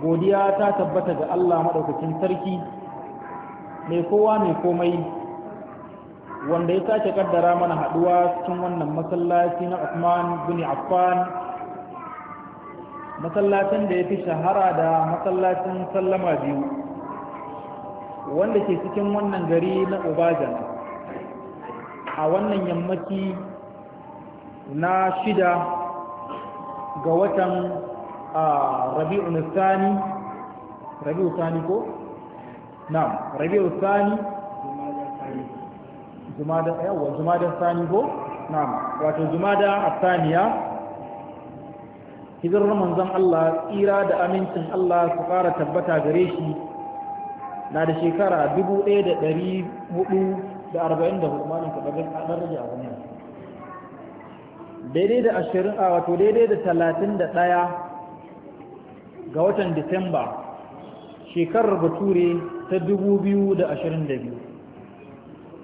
godiya ta tabbata ga Allah maɗaukakin sarki mai kowa mai komai wanda ya sake kaddara mana haɗuwa cikin wannan masallaci na Uthman bin Affan masallacin da ya fi shahara da masallacin sallama biyu wanda ke cikin wannan gari na Obajan a wannan yammaci na shida ga watan rabi'un sani rabi'u sani ko na'am rabi'u sani jumada yawa jumada sani ko na'am wato jumada asaniya hijirar manzon Allah tsira da amincin Allah su fara tabbata gare shi na da shekara 1444 malin ka gaban kadan rage a wannan daidai da 20 a wato daidai da 31 ga watan disamba shekarar bature ta 2022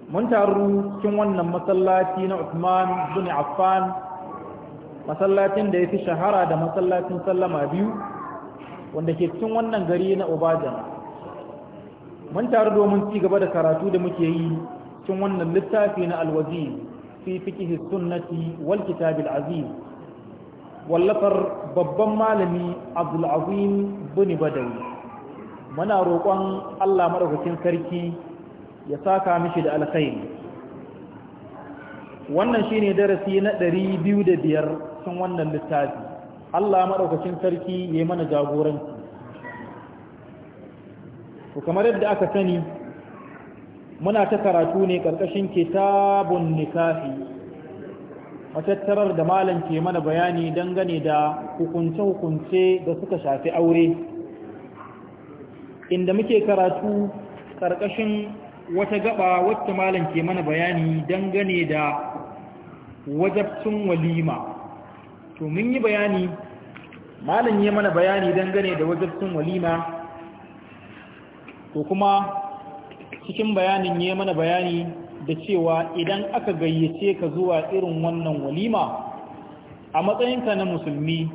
mun taru cikin wannan masallaci na usman bin Affan masallacin da ya fi shahara da masallacin sallama biyu wanda ke cikin wannan gari na Obajan mun taru domin ci gaba da karatu da muke yi cikin wannan littafi na alwazi fi fiqh sunnati wal kitab aziz wallafar babban malami abdulazim bin badawi muna roƙon allah maɗaukakin sarki ya saka mishi da alkhairi wannan shine darasi na ɗari biyu da biyar cikin wannan littafi allah maɗaukakin sarki ya yi mana jagoranci to kamar yadda aka sani muna ta karatu ne ƙarƙashin kitabun nikahi matattarar da malam ke mana bayani dangane da hukunce-hukunce da suka shafi aure inda muke karatu ƙarƙashin wata gaba wacce malam ke mana bayani dangane da wajabcin walima to mun yi bayani malam ya mana bayani dangane da wajabcin walima to kuma cikin bayanin ya mana bayani da cewa idan aka gayyace ka zuwa irin wannan walima a matsayinka na musulmi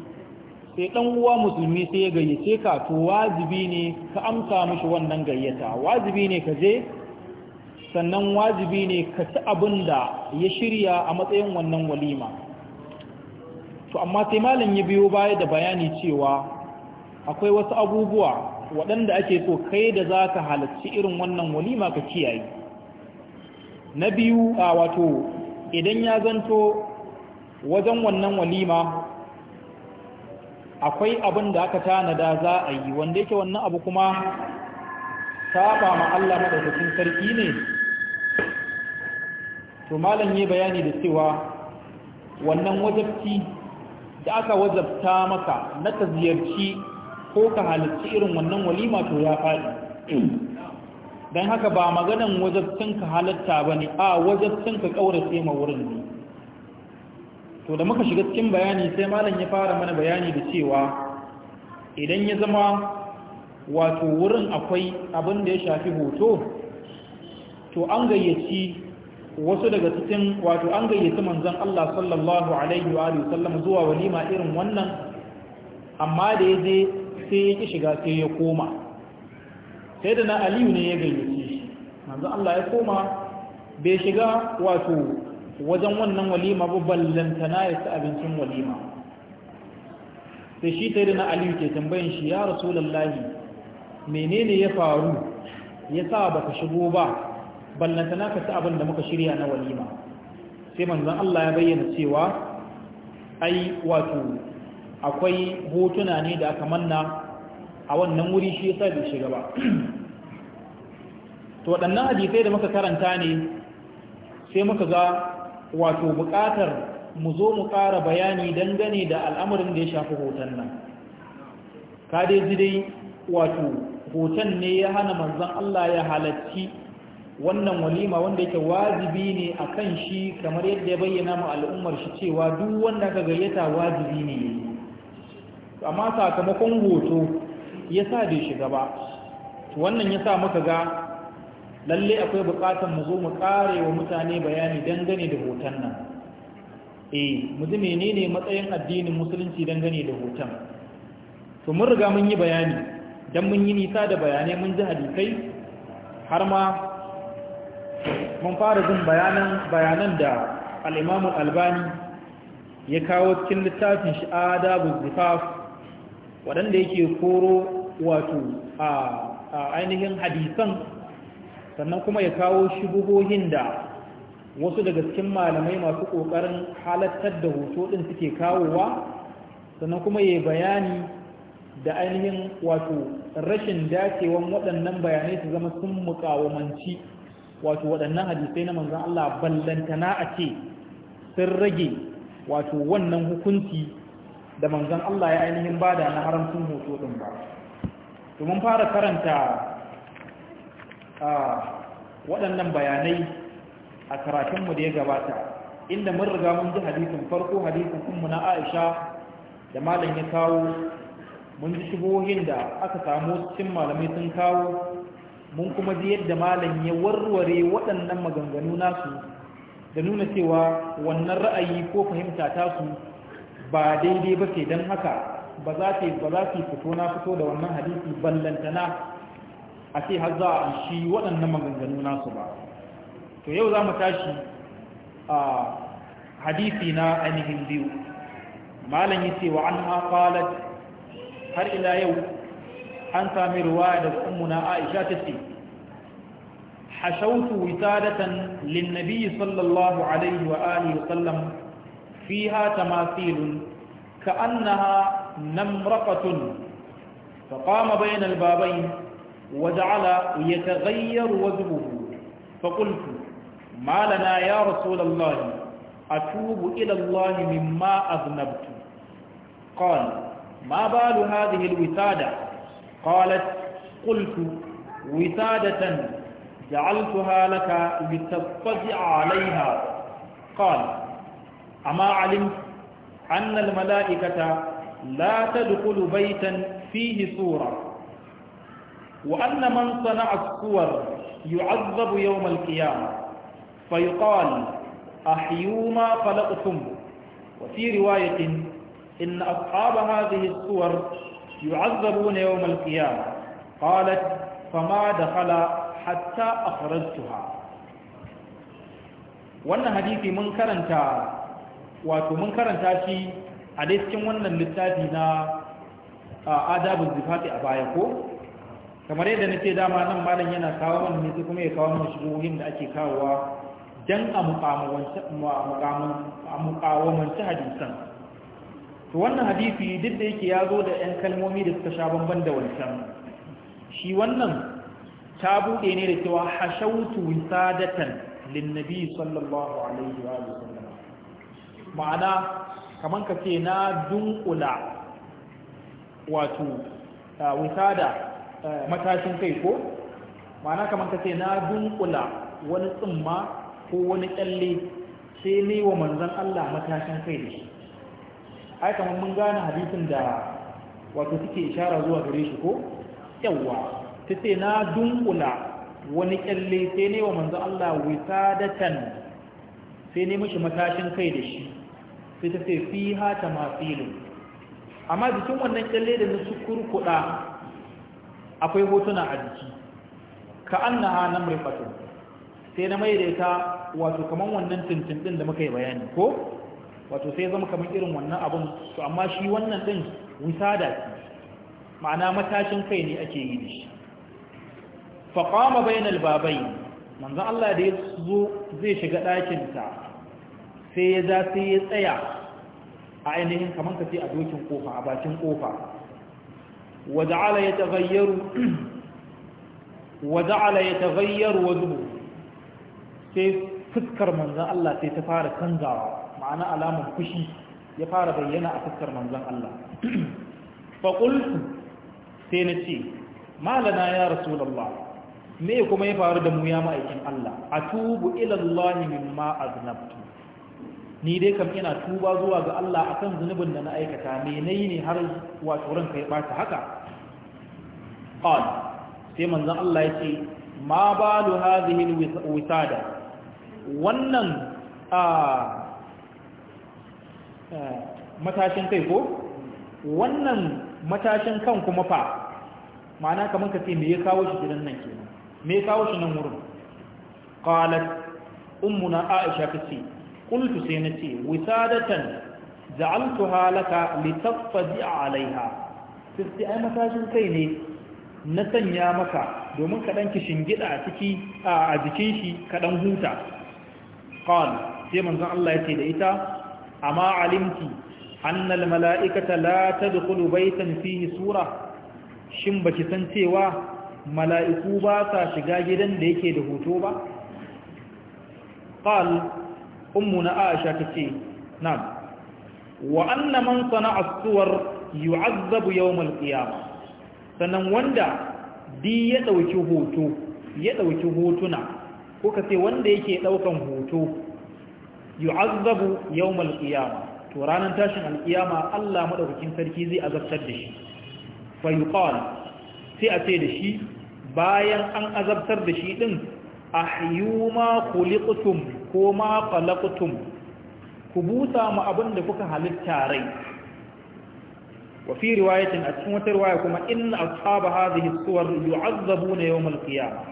sai dan uwa musulmi sai ya gayyace ka to wajibi ne ka amsa mishi wannan gayyata wajibi ne ka je sannan wajibi ne ka ci abin da ya shirya a matsayin wannan walima to amma sai malam ya biyo baya da bayani cewa akwai wasu abubuwa waɗanda ake so kai da za ka halarci irin wannan walima ka kiyaye na biyu a wato idan ya zanto wajen wannan walima akwai abin da aka tanada za a yi wanda yake wannan abu kuma saba ma Allah madaukakin sarki ne to malam yi bayani da cewa wannan wajabci da aka wajabta maka na ka ziyarci ko ka halarci irin wannan walima to ya faɗi don haka ba maganan wajabcinka halatta ba ne a wajabcinka ƙaurace ma wurin ne to da muka shiga cikin bayani sai malam ya fara mana bayani da cewa idan ya zama wato wurin akwai abin da ya shafi hoto to an gayyaci wasu daga cikin wato an gayyaci manzon Allah sallallahu alaihi wa sallam zuwa walima irin wannan amma da ya je sai ya ki shiga sai ya koma sai da na aliyu ne ya gayyace shi manzo Allah ya koma bai shiga wato wajen wannan walima ba ballantana ya ci abincin walima sai shi sai da na aliyu ke tambayin shi ya rasulallahi menene ya faru ya sa ba ka shigo ba ballantana ka ci abin da muka shirya na walima sai manzon Allah ya bayyana cewa ai wato akwai hotuna ne da aka manna a wannan wuri shi ya yasa da shiga ba to waɗannan hadisai da muka karanta ne sai muka ga wato buƙatar mu zo mu ƙara bayani dangane da al'amarin da ya shafi hoton nan ka dai ji dai wato hoton ne ya hana manzon Allah ya halacci wannan walima wanda yake wajibi ne a kan shi kamar yadda ya bayyana mu al'ummar shi cewa duk wanda ka gayyata wajibi ne amma sakamakon hoto ya sa bai shiga ba wannan ya sa muka ga lalle akwai bukatar mu zo mu kare wa mutane bayani dangane da hoton nan eh mu ji menene matsayin addinin musulunci dangane da hoton to mun riga mun yi bayani dan mun yi nisa da bayanai mun ji hadisai har ma mun fara jin bayanan bayanan da al-Imam al-Albani ya kawo cikin littafin shi Adabu Zifaf wadanda yake koro wato a ainihin hadisan sannan kuma ya kawo shubuhohin da wasu daga cikin malamai masu kokarin halattar da hoto din suke kawowa sannan kuma ya bayani da ainihin wato rashin dacewan waɗannan bayanai su zama sun mukawamanci wato waɗannan hadisai na manzan Allah ballantana a ce sun rage wato wannan hukunci da manzan Allah ya ainihin bada na haramcin hoto din ba domin fara karanta waɗannan bayanai a karatunmu da ya gabata inda mun riga mun ji hadisin farko hadisin kunmu na aisha da malam ya kawo mun ji shigohin da aka samu cikin malamai sun kawo mun kuma ji yadda malam ya warware waɗannan maganganu nasu da nuna cewa wannan ra'ayi ko fahimta tasu ba daidai ba ke don haka ba za ta ba za fito na fito da wannan hadisi ballantana a ce har za a shi waɗannan maganganu nasu ba to yau za mu tashi a hadisi na ainihin biyu malam yace wa an ha har ila yau an sami ruwaya da ummuna Aisha tace حشوت وسادة للنبي صلى الله عليه وآله وسلم فيها تماثيل كأنها نمرقة فقام بين البابين وجعل يتغير وجهه فقلت ما لنا يا رسول الله أتوب إلى الله مما أذنبت قال ما بال هذه الوسادة قالت قلت وسادة جعلتها لك لتضطجع عليها قال أما علمت أن الملائكة لا تدخل بيتا فيه صورة وأن من صنع الصور يعذب يوم القيامة فيقال أحيوا ما خلقتم وفي رواية إن أصحاب هذه الصور يعذبون يوم القيامة قالت فما دخل حتى أخرجتها وأن حديثي منكرا تعالى ومن منكرا تعالى a dai cikin wannan littafi na adabin zifati a baya ko kamar yadda na ce dama nan malam yana kawo mana ne kuma ya kawo mana shigohin da ake kawowa don a mukawamanci hadisan to wannan hadisi duk da yake ya zo da 'yan kalmomi da suka sha bamban da wancan shi wannan ta buɗe ne da cewa hashautu wisadatan linnabi sallallahu alaihi wa sallam ma'ana kamar ka ce na dunkula wato da matashin kai ko ma'ana kamar ka ce na dunkula wani tsimma ko wani kyalle sai ne wa manzan Allah matashin kai da shi ai kamar mun gane hadisin da wato suke ishara zuwa gare shi ko yawa ta ce na dunkula wani kyalle sai ne wa manzan Allah can sai ne mashi matashin kai da shi sai ta ce fi ha ta mafilu amma jikin wannan kyalle da na kurkuda, akwai hotuna a jiki ka an na ha nan sai na mai wato kamar wannan tuntun ɗin da muka yi bayani ko wato sai zama kamar irin wannan abin su? amma shi wannan ɗin da su. ma'ana matashin kai ne ake yi da shi faƙama bayan albabai manzan Allah da ya zo zai shiga ɗakinta sai ya za sai ya tsaya a ainihin kamar ka ce a dokin kofa a bakin kofa waja'ala ya taghayyaru waja'ala sai fuskar manzan Allah sai ta fara canzawa ma'ana alamar fushi ya fara bayyana a fuskar manzon Allah fa sai na ce malana ya rasu lalla me kuma ya faru da mu ya ma'aikin Allah atubu ila Allah mimma aznabtu ni dai kam ina tuba zuwa ga Allah akan zunubin da na aikata me ne har wato ranka ya bata haka qal sai manzon Allah ce ma balu hadhihi alwisada wannan a matashin kai ko wannan matashin kan kuma fa ma'ana kamar ka ce me ya kawo shi gidan nan kenan me ya kawo shi nan wurin qalat ummuna aisha tace qultu sai nace wisadatan ja'altuha laka a alaiha sai ai matashin kai ne na sanya maka domin kaɗan dan kishingida a ciki a jikin shi ka huta qala sai manzon Allah yace da ita amma alimti annal mala'ikata la tadkhulu baytan fihi sura shin baki san cewa mala'iku ba sa shiga gidan da yake da hoto ba qala ummu na aisha ta ce na wa anna man sana'a suwar yu'azzabu al qiyama Sanan wanda di ya dauki hoto ya dauki hotuna ko ka ce wanda yake daukan hoto yu'azzabu al qiyama to ranar tashin alkiyama Allah madaukakin sarki zai azabtar da shi fa yuqal sai a ce da shi bayan an azabtar da shi din ahyu ma khuliqtum ko ma khalaqtum ku busa mu abin da kuka halitta rai wa fi riwayatin a cikin wata riwaya kuma inna ashab hadhihi suwar yu'azzabuna yawm al-qiyamah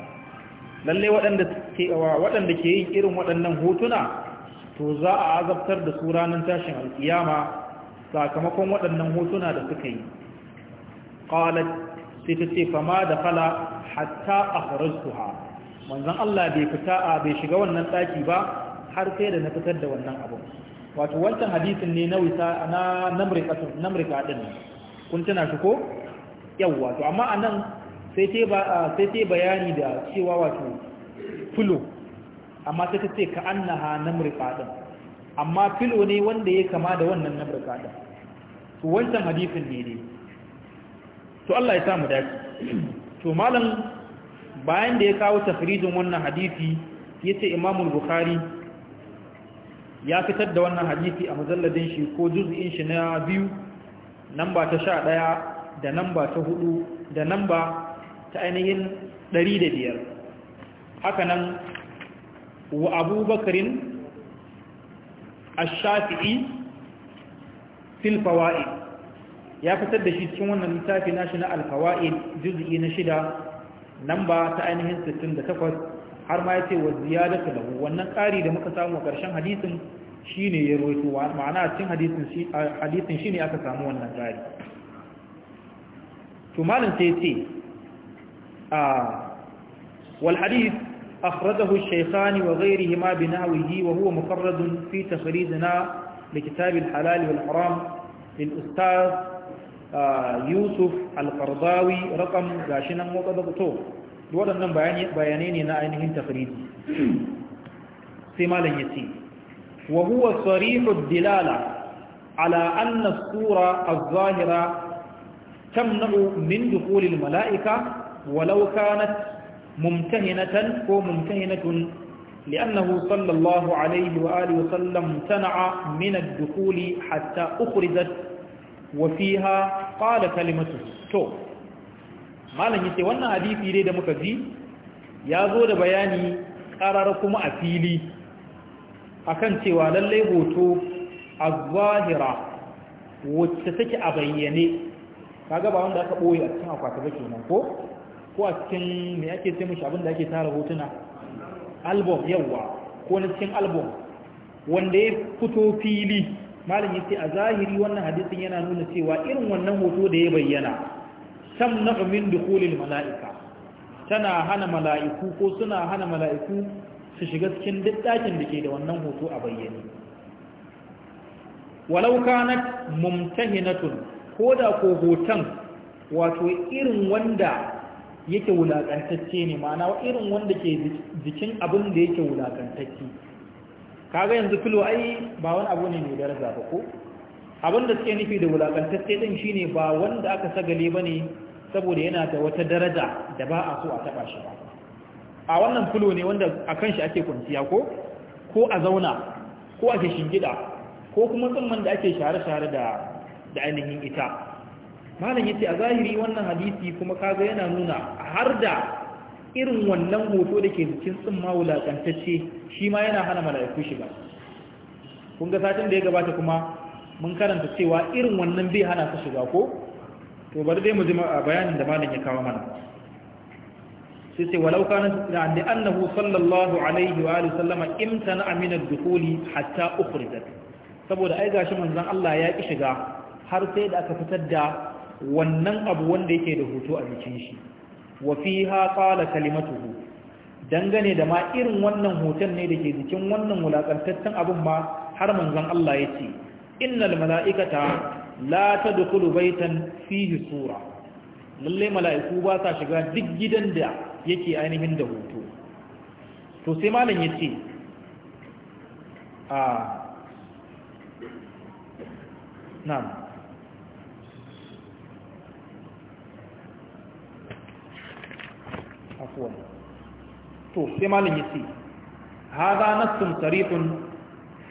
lalle waɗanda ke waɗanda ke yin irin waɗannan hotuna to za a azabtar da su ranar tashin alkiyama sakamakon waɗannan hotuna da suka yi qalat sai ta ce fama da fala hatta akhrajtuha manzon Allah bai fita a bai shiga wannan daki ba har sai da na fitar da wannan abu wato wancan hadisin ne na wisa na namri din kun tana shi ko yawa to amma anan sai te ba sai te bayani da cewa wato filo amma sai ta ce ka annaha namri din amma filo ne wanda ya kama da wannan namri din to wancan hadisin ne ne to Allah ya samu dace to malam bayan da ya kawo tafrijin wannan hadisi ya ce imamul bukhari ya fitar da wannan hadisi a mujalladin shi ko juz'in shi na biyu namba ta sha da namba ta 4 da namba ta ainihin ɗari da biyar hakanan wa Ash-Shafi'i fil fawa'id ya fitar da shi cikin wannan littafi nashi na al-fawaid juz'i na shida nan ba ta ainihin da 68 har ma ya ce wa ziyadatu lahu wannan ƙari da muka samu a ƙarshen hadisin shine ya roito ma'ana cin hadisin shi shine aka samu wannan ƙari to malam sai ce a wal hadith akhrajahu ash-shaytan wa ghayrihi ma binawihi wa huwa mufarrad fi na likitab al-halal wal haram lil ustadh yusuf alfardawi rakam shi nan wata da to waɗannan bayanai ne na ainihin tafiridi sai malam ya ce wa huwa sarihud dilala ala anna sura a zahira tamna'u min dukhulil mala'ika walau kanat mumtahinatan ko mumtahinatun لأنه صلى الله عليه وآله وسلم امتنع من الدخول حتى أخرجت wafiha ƙala kalimatu to malam yace wannan hadisi dai da muka ji ya zo da bayani ƙarar kuma a fili akan cewa lallai hoto a zahira wacce take a bayyane kaga ba wanda aka ɓoye a cikin akwata ba kenan ko ko a cikin me ake ce mishi abin ake tara hotuna album yawa ko na cikin album wanda ya fito fili malam yace a zahiri wannan hadisin yana nuna cewa irin wannan hoto da ya bayyana sam na min dukhulil mala'ika tana hana mala'iku ko suna hana mala'iku su shiga cikin duk da ke da wannan hoto a bayyane walau kanat mumtahinatun ko da ko hoton wato irin wanda yake wulakantacce ne ma'ana irin wanda ke jikin abin da yake wulakantacce Ka ga yanzu filo ai ba wani abu ne mai daraja ba ko abin da suke nufi da wulakantacce din shine ba wanda aka sagale ba ne saboda yana da wata daraja da ba a so a taba shi ba a wannan filo ne wanda a kan shi ake kwanciya ko ko a zauna ko ake shingida ko kuma tsumman da ake share-share da da ainihin ita malam yace a zahiri wannan hadisi kuma kaga yana nuna har da irin wannan hoto da ke cikin tsumma wulakantacce shi ma yana hana mala'iku shiga kun ga satin da ya gabata kuma mun karanta cewa irin wannan bai hana su shiga ko to bari dai mu ji bayanin da malam ya kawo mana sai sai walau kana da annabi annahu sallallahu alaihi wa alihi sallama imtana amina hatta ukhrijat saboda ai gashi manzon Allah ya ki shiga har sai da aka fitar da wannan abu wanda yake da hoto a jikin shi wa fiha qala kalimatuhu dangane da ma irin wannan hoton ne da ke jikin wannan wulakantaccen abin ba har manzon Allah ya ce innal mala'ikata la tadkhulu baytan fihi sura lalle mala'iku ba sa shiga duk gidan da yake ainihin da hoto to sai malam yace a ah, na'am musu to sai malam yace hadha nassun sarihun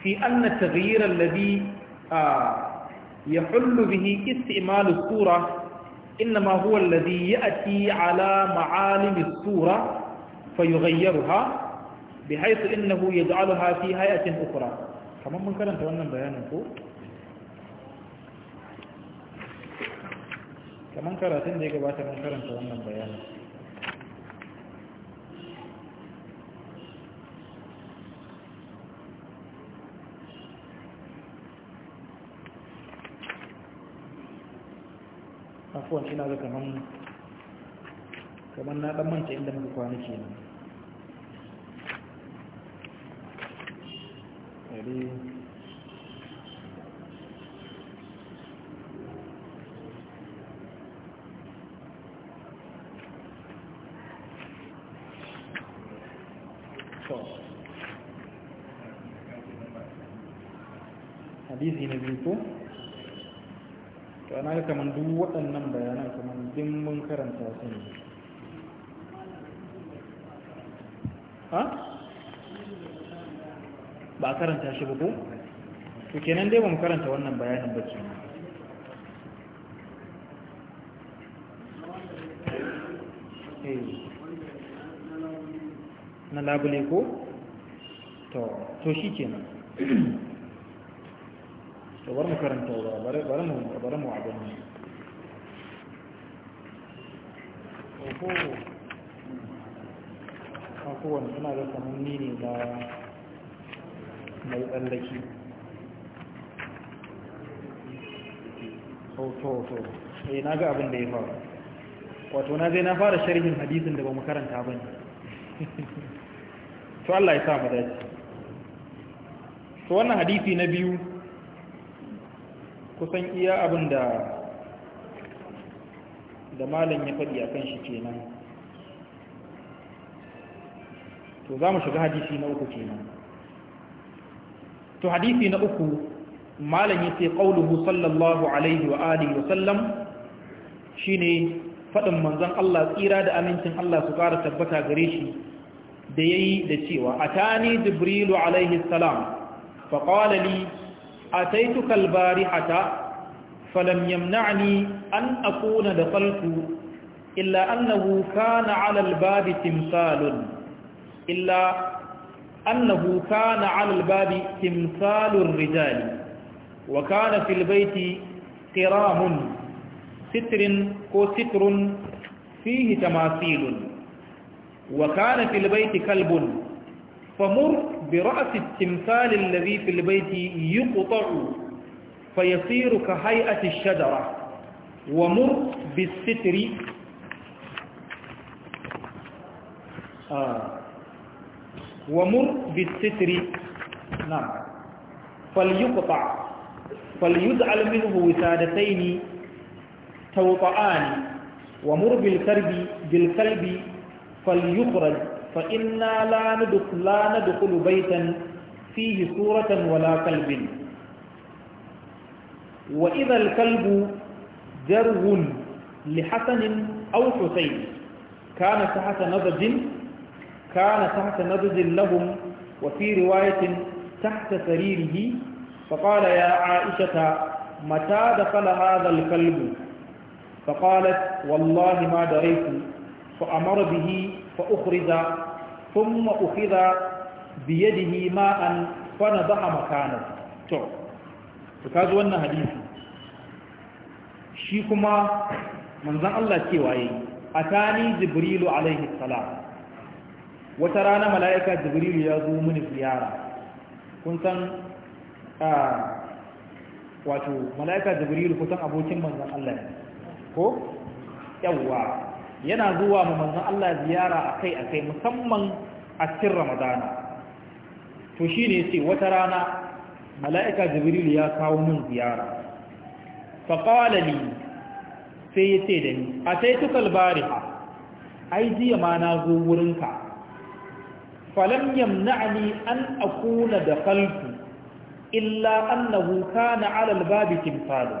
fi anna at-taghyir alladhi يحل به استعمال الصورة إنما هو الذي يأتي على معالم الصورة فيغيرها بحيث إنه يجعلها في هيئة أخرى كما من كان تولنا بيانا فوق kaman karatun da ya gabata mun karanta wannan bayanin afuwan ina ga kaman kamar na dan manta inda muka kwana nan kamar duk waɗannan bayanan kamar din mun karanta su ne ha ba a karanta shi ba ko to kenan dai ba mu karanta wannan bayanin ba kenan eh. na labule ko to shi kenan to bar mu karanta ba bari mu abu ko kowane suna da kamanni ne da mai tsallaki to eh na ga abin da ya faru wato na zai na fara sharhin hadisin da ba mu karanta ba ne to Allah ya sa mu dace to wannan hadisi na biyu kusan iya abin da da malam ya faɗi a kan shi kenan to za mu shiga hadisi na uku kenan to hadisi na uku malam yace qauluhu sallallahu alaihi wa alihi wa sallam shine faɗin manzan Allah tsira da amincin Allah su ƙara tabbata gare shi da ya yi da cewa A ta atani jibrilu alaihi salam fa a li bari hata. فلم يمنعني أن أكون دخلت إلا أنه كان على الباب تمثال إلا أنه كان على الباب تمثال الرجال وكان في البيت قرام ستر كو ستر فيه تماثيل وكان في البيت كلب فمر برأس التمثال الذي في البيت يقطع فيصير كهيئة الشجرة ومر بالستر آه ومر بالستر نعم فليقطع فليجعل منه وسادتين توطعان ومر بالكرب بالكلب فليخرج فإنا لا ندخل, لا ندخل بيتا فيه صورة ولا كلب وإذا الكلب جرو لحسن أو حسين كان تحت نضج كان تحت نضج لهم وفي رواية تحت سريره فقال يا عائشة متى دخل هذا الكلب فقالت والله ما دريت فأمر به فأخرج ثم أخذ بيده ماء فنضح مكانه to kaji wannan hadisi shi kuma manzan Allah cewa yi a tani jibrilu alaihi salam wata rana mala'ika jibrilu ya zo mini ziyara kun san wato mala'ika jibrilu kusan abokin manzan Allah ne ko yawwa yana zuwa ma manzan Allah ziyara akai-akai musamman a cikin ramadana to shi ne ce wata rana mala'ika jibrilu ya kawo min ziyara faƙala sai ya ce da ni a sai tukal bari ai jiya ma na zo wurinka falam yamna'ani an akuna da kalku illa annahu na alal babi falo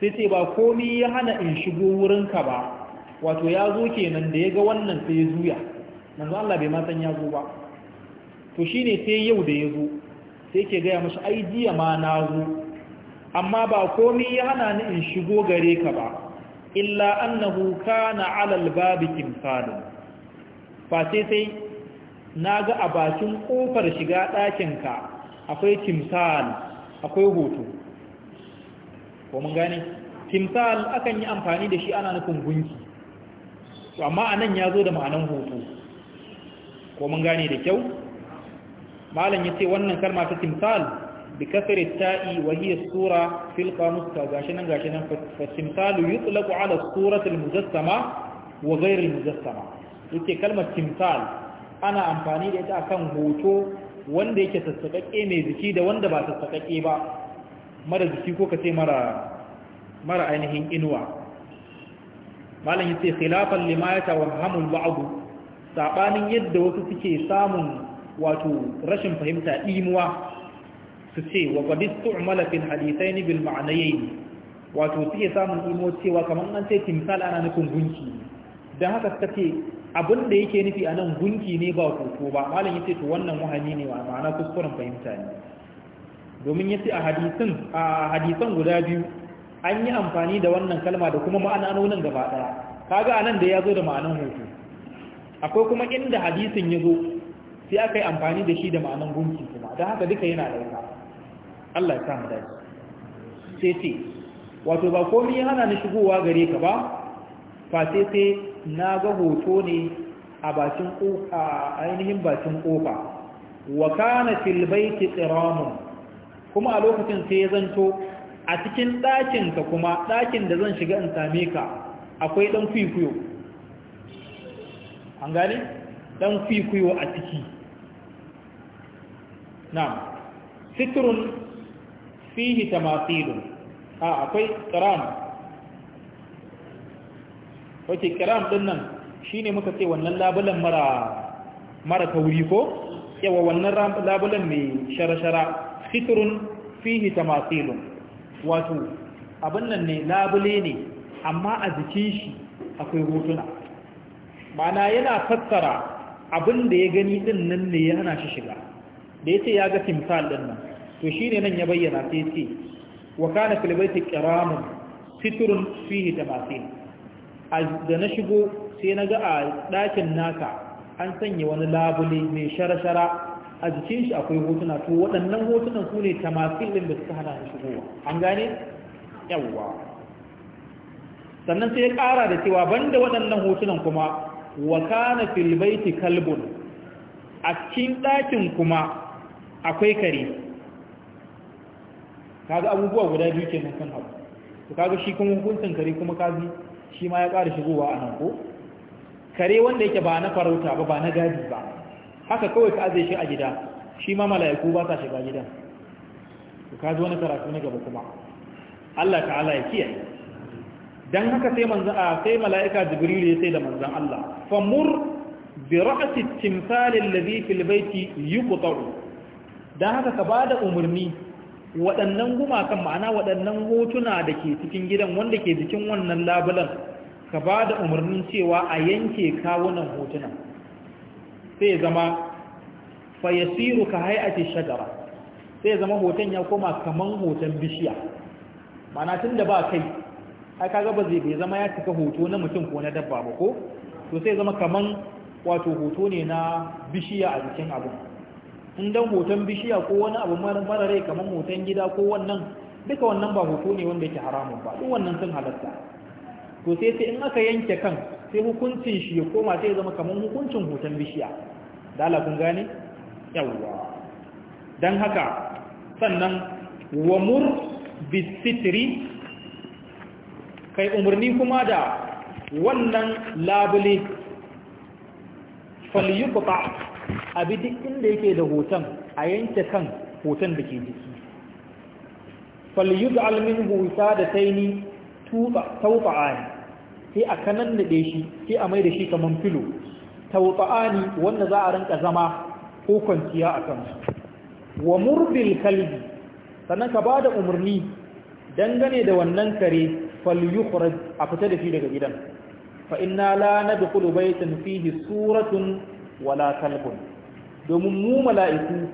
sai ce ba komi ya hana in shigo wurinka ba wato ya zo kenan da ya ga wannan sai ya zuya manzo Allah bai ma ya zo ba to shine sai yau da ya zo sai ke gaya mashi ai jiya ma na zo amma ba komi ya hana ni in shigo gare ka ba illa annahu kana alal albabi kimsalin fa sai na ga a bakin ƙofar shiga ɗakinka akwai timsal akwai hoto ko mun gane timsal akan yi amfani da shi ana nufin gunki to amma anan ya zo da ma'anan hoto ko mun gane da kyau malam ya ce wannan kalma ta timsal بكسر التاء وهي الصورة في القاموس غاشنا غاشنا فالتمثال يطلق على الصورة المجسمة وغير المجسمة yake kalmar timsal ana amfani da ita akan hoto wanda yake sassaƙaƙe mai jiki da wanda ba sassaƙaƙe ba mara jiki ko ka ce mara ainihin inuwa malam yace khilafan lima ya tawahhamu ba'd sabanin yadda wasu suke samun wato rashin fahimta imuwa su ce wa qad istu'mala hadisai ni bil ma'nayayn wato suke samun imo cewa kamar an ce timsal ana nufin gunki don haka suka ce abin da yake nufi a nan gunki ne ba koko ba malam ce to wannan wahani ne wa ma'ana kuskuren fahimta ne domin ya a a hadisan guda biyu an yi amfani da wannan kalma da kuma ma'anonin gaba ɗaya kaga a nan da ya zo da ma'anan hoto akwai kuma inda hadisin ya zo sai aka yi amfani da shi da ma'anan gunki kuma don haka duka yana ɗauka Allah ya sa mu dace sai sai wato ba komai ya hana ni shigowa gare ka ba fa sai sai na ga hoto ne a bakin kofa ainihin bakin kofa wa kana fil baiti qiramun kuma a lokacin sai ya zanto a cikin ɗakin ka kuma ɗakin da zan shiga in same ka akwai ɗan kwikwiyo an gane ɗan kwikwiyo a ciki na siturun fihi tamathilun a ah, akwai kiram wace kiram din nan shine muka ce wannan labulan mara mara tauri ko yawa wannan labulan mai shara-shara fitrun fihi tamathilun wato abin nan ne labule ne amma a jikin shi akwai hotuna mana yana fassara abin da ya gani din ne ya hana shi shiga da yace ya ga timsal din nan to shine nan ya bayyana sai ce wa kana fil baiti qiramun sitrun fihi tamasil da na shigo sai na ga a ɗakin naka an sanya wani labule mai sharashara, a jikin shi akwai hotuna to waɗannan hotunan su ne tamasil ɗin da suka hana shi shigowa an gane yawwa sannan sai ya ƙara da cewa banda waɗannan hotunan kuma wa kana fil baiti kalbun a cikin ɗakin kuma akwai kare kaga abubuwa guda biyu kenan kan haɗu to kaga shi kuma hukuncin kare kuma kazi shi ma ya ƙara shigowa a nan ko kare wanda yake ba na farauta ba ba na gadi ba haka kawai ka aje shi a gida shi ma mala'iku ba sa shiga gidan to kaji wani karatu na gaba kuma Allah ta'ala ya kiyaye dan haka sai manzo sai mala'ika jibril ya sai da manzon Allah famur bi ra'si timsal alladhi fil bayti yuqta'u dan haka ka bada umurni waɗannan gumakan ma'ana waɗannan hotuna da ke cikin gidan wanda ke jikin wannan labulan ka ba da umarnin cewa a yanke kawunan hotuna sai zama fayasiru ka hayati shagara sai zama hoton ya koma kaman hoton bishiya ma'ana tun da ba kai ai kaga ba zai bai zama ya cika hoto na mutum ko na dabba ba ko to sai zama kaman wato hoto ne na bishiya a jikin abin in dan hoton bishiya ko wani abu mara rai kamar hoton gida ko wannan duka wannan ba hoto ne wanda yake haramun ba duk wannan sun halatta to sai sai in aka yanke kan sai hukuncin shi ya koma sai zama kamar hukuncin hoton bishiya dala kun gane yawa dan haka sannan wa mur bisitri kai umarni kuma da wannan labule falyuqta abi duk inda yake da hoton a yanke kan hoton da ke jiki falyuz almin huta da taini tauta'ani sai a kanan da shi sai a mai da shi kamar filo tauba'ani wanda za a rinka zama ko kwanciya a kansu wa murbil kalbi sannan ka ba da umarni dangane da wannan kare falyukhraj a fita da shi daga gidan fa inna la nadkhulu baytan fihi suratun wala kalbun domin mu mala'iku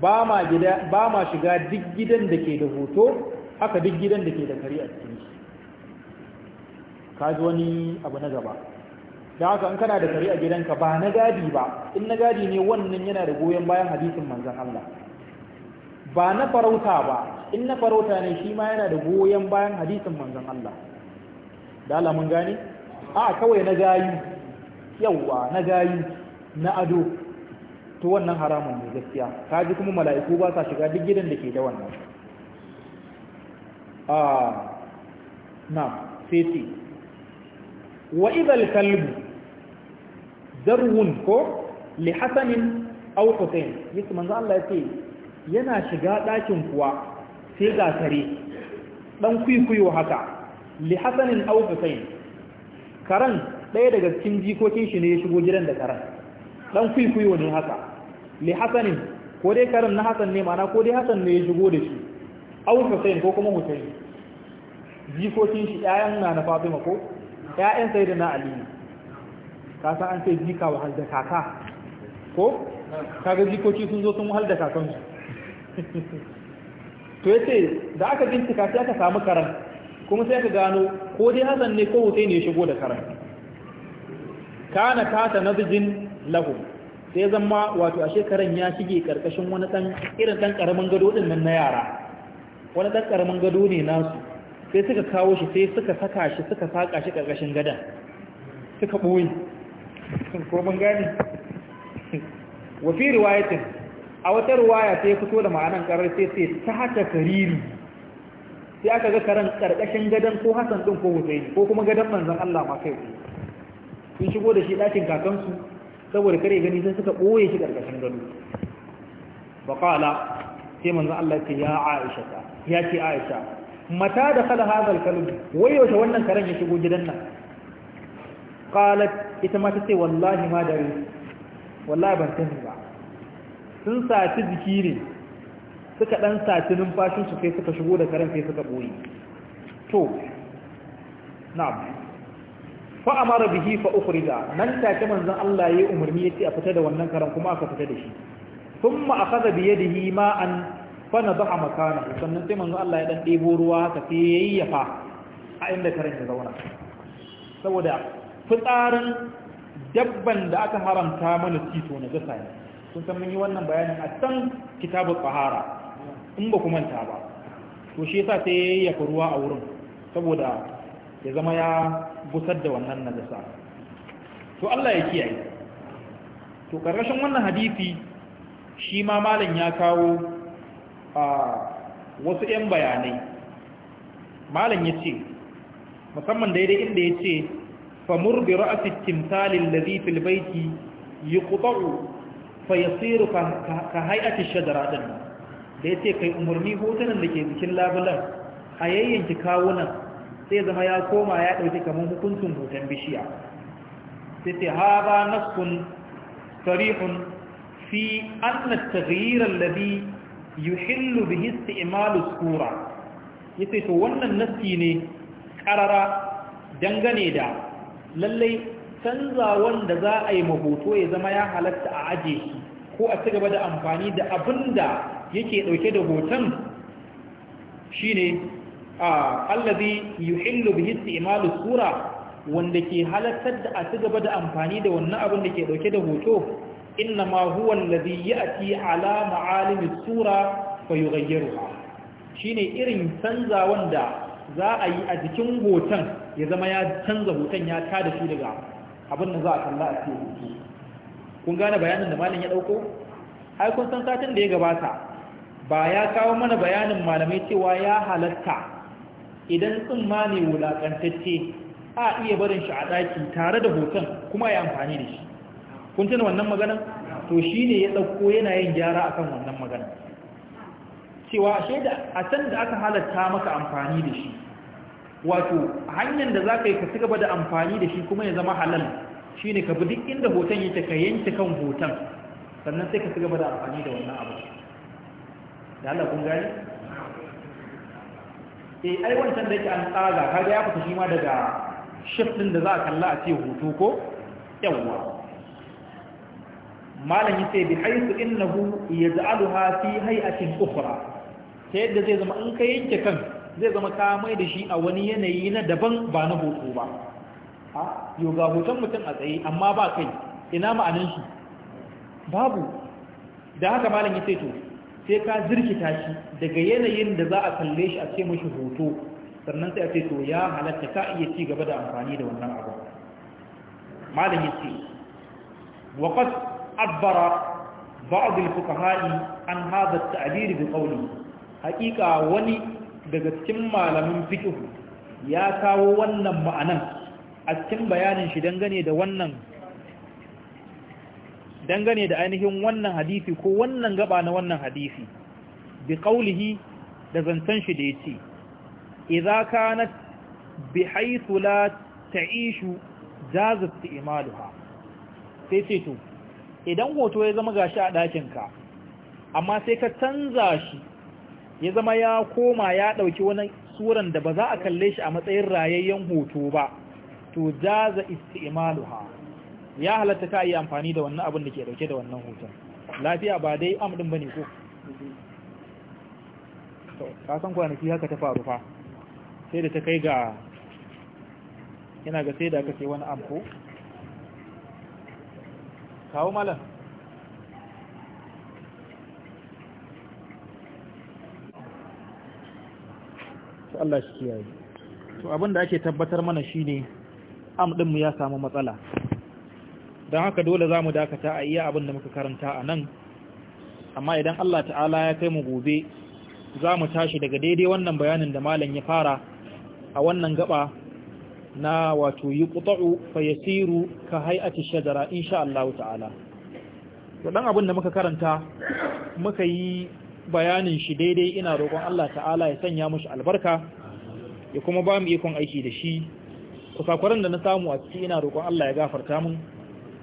ba ma shiga duk gidan da ke da hoto haka duk gidan da ke da kari a cikin shi Ka ji wani abu na gaba da haka in kana da kari a gidanka ba na gadi ba in na gadi ne wannan yana da goyon bayan hadisin manzan Allah ba na farauta ba in na farauta ne shi ma yana da goyon bayan hadisin manzan Allah da Allah mun gane a kawai na gayu yauwa na gayu na ado to wannan haramun ne gaskiya kaji kuma mala'iku ba sa shiga duk gidan da ke da wannan a ah, na sai wa idal kalbu dar'un ko li hasanin aw husain yace manzo Allah yace yana shiga dakin kuwa sai ga kare dan kuikuyo haka li hasanin aw husain karan daya daga cikin jikokin shi ne ya shigo gidan da karan dan kuikuyo ne haka li hasanin ko dai karin na hasan ne mana ko dai hasan ne ya shigo da shi au husain ko kuma husain jikokin shi ƴaƴan na na fatima ko ƴaƴan sayyidina ali ka san an ce jika wahal da kaka ko kaga jikoki sun zo sun wahal da kakansu to yace da aka bincika sai aka samu karan kuma sai aka gano ko dai hasan ne ko husain ne ya shigo da karan kana kata nadjin lahum sai zama wato a shekaran ya shige karkashin wani dan irin dan karamin gado din nan na yara wani dan karamin gado ne nasu sai suka kawo shi sai suka saka shi suka saka shi karkashin gadan suka boye ko mun gani wa fi riwayatin a wata riwaya sai fito da ma'anan karar sai sai ta haka kariri sai aka ga karan karkashin gadan ko hasan din ko Husaini ko kuma gadan manzon Allah ma kai sun shigo da shi dakin kakansu saboda kare gani sai suka ɓoye shi ƙarƙashin gado faƙala sai manzan Allah ce ya aisha ta ya ce aisha mata da kala hazal kalu wai yaushe wannan karen ya shigo gidan nan qalat ita ma ta ce wallahi ma dare wallahi ban sani ba sun saci jiki ne suka dan saci numfashin su sai suka shigo da karen sai suka boye to na'am fa amara bihi fa ukhrija nan take manzon Allah yayi umarni yace a fita da wannan karan kuma aka fita da shi thumma akhadha bi yadihi ma'an fa nadaha makanahu sannan sai manzon Allah ya dan debo ruwa haka sai a inda karan ya zauna saboda fitsarin dabban da aka haramta mana tito na gasa ne kun san mun yi wannan bayanin a can kitabul tahara in ba ku manta ba to shi yasa sai yayyafa ruwa a wurin saboda ya zama ya gusar da wannan najasa to Allah ya kiyaye to karkashin wannan hadisi shi ma malam ya kawo a wasu 'yan bayanai malam ya ce musamman daidai inda ya ce famur bi ra'asi timtalin da fil baiti yi fa ya tsiru ka hayati shadara ɗin da ya ce kai umarni hotunan da ke jikin labulan a yayyanki kawunan sai zama ya koma ya ɗauki kamar hukuncin hoton bishiya sai ce ha ba naskun sarihun fi anna taghyiran ladhi yuhillu bihi isti'malu sura yace to wannan nasi ne karara dangane da lallai canza wanda za a yi mahoto ya zama ya halatta a aje shi ko a ci gaba da amfani da abin da yake dauke da hoton shine alladhi yuhillu bihi istimalu sura wanda ke halartar da a gaba da amfani da wannan abin da ke dauke da hoto inna ma huwa alladhi ya'ti ala ma'alimi sura fa yughayyiruha shine irin canza wanda za a yi a jikin hoton ya zama ya canza hoton ya tada shi daga abin da za a kalla a cikin hoto kun gane bayanin da malam ya dauko ai kun san satin da ya gabata ba ya kawo mana bayanin malamai cewa ya halatta idan ma ne wulaƙantacce a iya barin shi a ɗaki tare da hoton kuma ya amfani da shi kun tuna wannan magana to shi ne ya ɗauko yana yin gyara akan wannan magana cewa a can da aka halatta maka amfani da shi wato hanyar da za ka yi ka cigaba da amfani da shi kuma ya zama halal shi ne ka bi duk inda hoton yake ka yanke kan hoton sannan sai ka cigaba da amfani da wannan abu da Allah kun gani eh ai wancan da yake an tsaga ga ya fita shi ma daga shift din da za a kalla a ce hutu ko yawwa malam yace bi haythu innahu yaj'aluha fi hay'atin ukhra ta yadda zai zama in ka yanke kan zai zama ka mai da shi a wani yanayi na daban ba na hoto ba a ah, yoga hoton mutum a tsaye amma ba kai ina ma'anin shi babu da haka malam yace to sai ka zirkita shi daga yanayin da za a kalle shi a ce mashi hoto sannan sai a ce to ya halatta ka iya ci gaba da amfani da wannan abu Malamin ce. wa qad abbara ba'd al an hadha at-ta'bir bi ƙauni. Haƙiƙa wani daga cikin malamin fiqh ya kawo wannan ma'anan a cikin bayanin shi dangane da wannan dangane da ainihin wannan hadisi ko wannan gaba na wannan hadisi bi qaulihi da zantan shi da yace idza kanat bi haythu la ta'ishu jazat imaluha sai ce to idan hoto ya zama gashi a dakin ka amma sai ka canza shi ya zama ya koma ya ɗauki wani suran da ba za a kalle shi a matsayin rayayyen hoto ba to jaza istimaluha ya halatta ka yi amfani da wannan abin da ke dauke da wannan hoton lafiya ba dai am din bane ko to ka san kwanaki haka ta faru fa sai da ta kai ga ina ga sai da aka ce wani am ko kawo malam Allah shi kiyaye to abin da ake tabbatar mana shine am din mu ya samu matsala don haka dole za mu dakata a iya abin da muka karanta a nan amma idan Allah ta'ala ya kai mu gobe za mu tashi daga daidai wannan bayanin da malam ya fara a wannan gaba na wato yi ƙuta'u fa ya siru ka hai'ati shajara insha Allah ta'ala ɗan abin da muka karanta muka yi bayanin shi daidai ina roƙon Allah ta'ala ya sanya mushi albarka ya kuma ba mu ikon aiki da shi kwarin da na samu a ciki ina roƙon Allah ya gafarta mun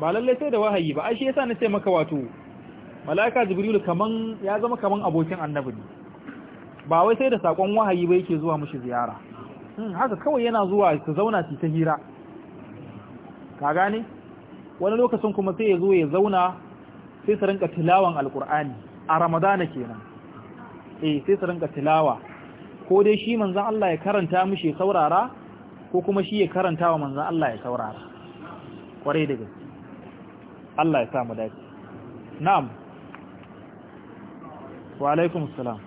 ba lallai sai da wahayi ba ai shi yasa na ce maka wato malaika jibril kaman ya zama kaman abokin annabi ne ba wai sai da sakon wahayi ba yake zuwa mushi ziyara hmm, haka kawai yana zuwa su zauna su ta hira ka gane wani lokacin kuma sai ya zo ya zauna sai su rinka tilawan alkur'ani a ramadana kenan eh sai su rinka tilawa ko dai shi manzon Allah ya karanta mushi ya saurara ko kuma shi ya karanta wa manzon Allah ya saurara kwarai da gaske Allah ya sa mu dace na'am wa alaikum salam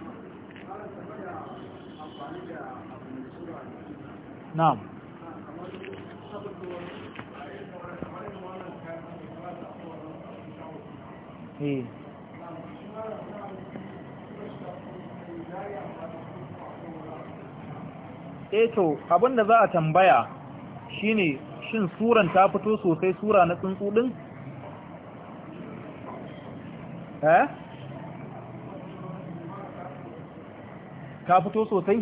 na'am e to abinda za a tambaya shine shin suran ta fito sosai sura na tsuntsu din eh ka fito sosai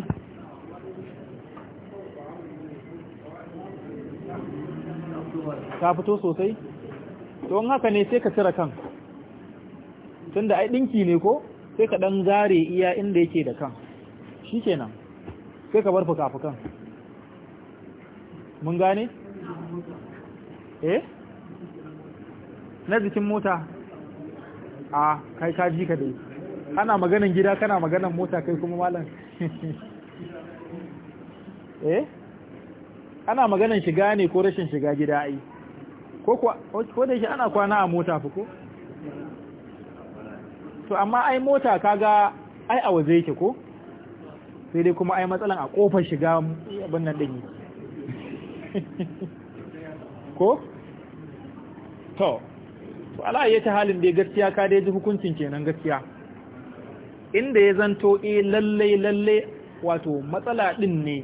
ka fito sosai don haka ne sai ka cire kan tunda ai dinki ne ko sai ka dan zare iya inda yake da kan shi nan sai ka bar fuka mun gane eh na jikin mota a kai ka ji ka dai ana maganan gida kana maganan mota kai kuma malam eh ana maganan shiga ne ko rashin shiga gida ai ko ko da shi ana kwana a mota fa ko to amma ai mota kaga ai a waje yake ko sai dai kuma ai matsalan a kofar shiga abin nan dinki ko to to ala ya ta halin dai gaskiya ka dai ji hukuncin kenan gaskiya inda ya zanto eh lalle lalle wato matsala din ne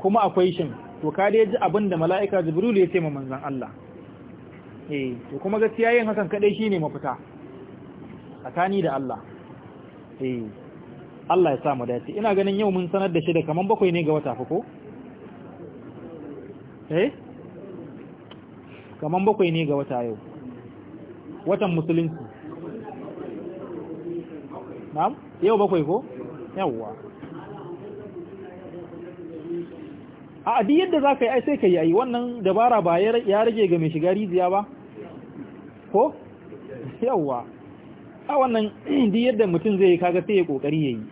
kuma akwai shin to ka dai ji abin da mala'ika jibril ya ce ma manzon Allah eh to kuma gaskiya yin hakan kadai shine mafita tsakani da Allah eh Allah ya sa mu dace ina ganin yau mun sanar da shi da kaman bakwai ne ga wata fa ko eh kaman bakwai ne ga wata yau watan musulunci na'am yau bakwai ko yawwa a adi yadda za ka yi ai sai ka yi ai wannan dabara ba ya rage ga mai shiga riziya ba ko yawwa a wannan di yadda mutum zai yi kaga sai ya kokari ya yi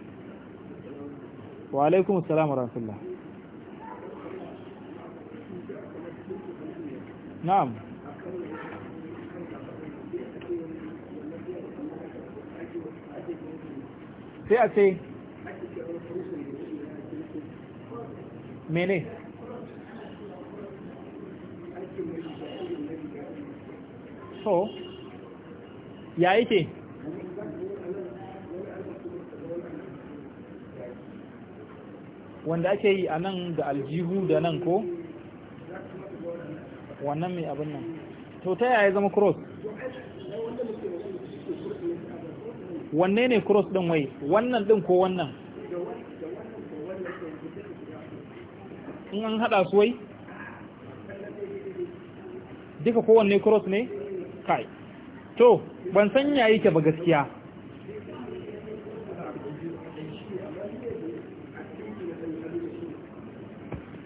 wa alaikum assalam wa rahmatullah na'am sai a ce mene so ya yake wanda ake yi a nan da aljihu da nan ko wannan mai abin nan to ta yaya zama cross wanne ne cross din wai wannan din ko wannan in an hada su wai duka kowanne cross ne kai to ban san ya yake ba gaskiya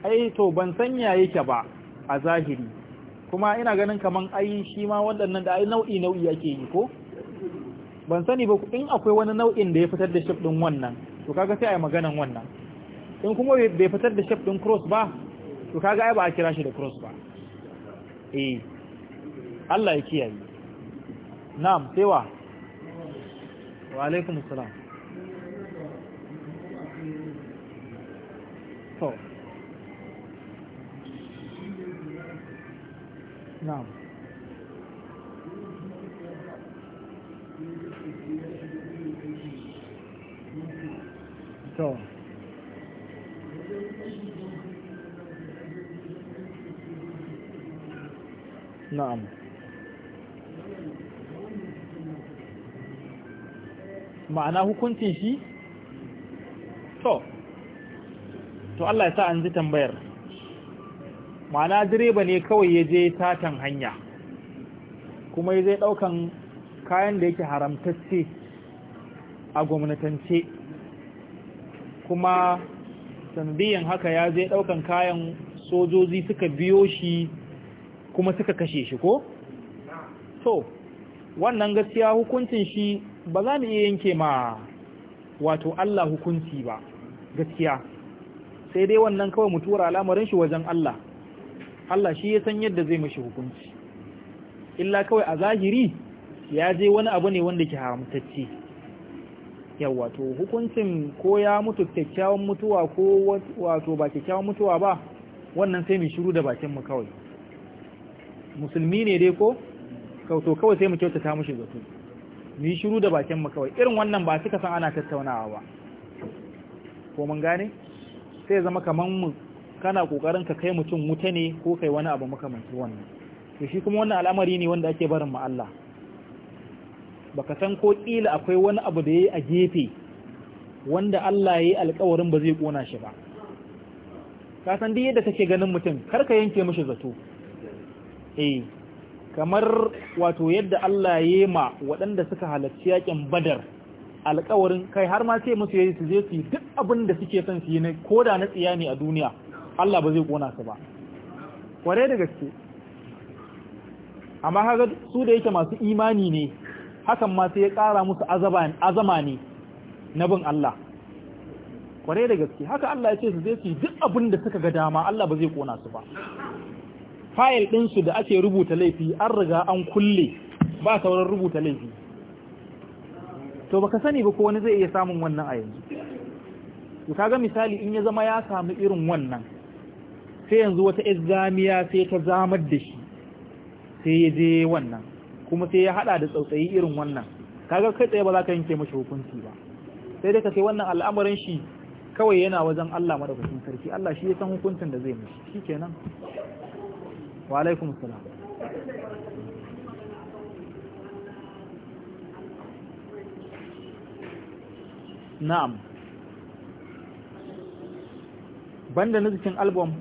ai to ban san ya yake ba a zahiri kuma ina ganin kaman ai shi ma waɗannan da ai nau'i nau'i yake yi ko ban sani ba in akwai wani nau'in da ya fitar da shaf din wannan to kaga sai a yi maganan wannan in kuma bai fitar da shaf din cross ba to kaga ai ba a kira shi da cross ba eh Allah ya kiyaye na'am sai wa wa alaikum assalam to na'am to na'am ma'ana hukuncin shi to to Allah ya sa an ji tambayar ma'ana direba ne kawai ya je tatan hanya kuma ya zai daukan kayan da yake haramtacce a gwamnatance kuma sanadiyan haka ya zai ɗaukan kayan sojoji suka biyo shi kuma suka kashe shi ko? so wannan gaskiya hukuncin shi ba za mu iya yanke ma wato Allah hukunci ba gaskiya sai dai wannan kawai mu al'amarin shi wajen Allah Allah shi ya san yadda zai mashi hukunci illa kawai a zahiri ya je wani abu ne wanda ke haramtacce yawa to hukuncin ko ya mutu kyakkyawan mutuwa ko wato ba kyakkyawan mutuwa ba wannan sai mu shiru da bakin mu kawai musulmi ne dai ko to kawai sai mu kyautata mushi zato mu yi shiru da bakin mu kawai irin wannan ba suka san ana tattaunawa ba ko mun gane sai zama kaman mu kana kokarin ka kai mutum wuta ne ko kai wani abu makamanci wannan to shi kuma wannan al'amari ne wanda ake barin mu Allah baka san ko ƙila akwai wani abu da yayi a gefe wanda Allah yayi alƙawarin ba zai kona shi ba ka san duk yadda kake ganin mutum kar ka yanke mishi zato eh kamar wato yadda Allah yayi ma waɗanda suka halarci yakin Badar alƙawarin kai har ma sai musu yayi su je su duk abin da suke son su yi ne koda na tsiya ne a duniya Allah ba zai kona su ba kware da gaske amma kaga su da yake masu imani ne hakan ma sai ya ƙara musu azama ne na bin Allah kwarai da gaske haka Allah ya ce su zai su duk abin da suka ga dama Allah ba zai ƙona su ba fayil ɗinsu da ake rubuta laifi an riga an kulle ba sauran rubuta laifi to baka sani ba ko wani zai iya samun wannan a yanzu to ga misali in ya zama ya samu irin wannan sai yanzu wata izamiya sai ta zamar da shi sai ya je wannan kuma sai ya hada da tsautsayi irin wannan kaga kai tsaye ba za ka yanke mashi hukunci ba sai dai ka ce wannan al'amarin shi kawai yana wajen Allah madaukakin sarki Allah shi ya san hukuncin da zai mishi shikenan wa alaikum salam na'am banda na cikin album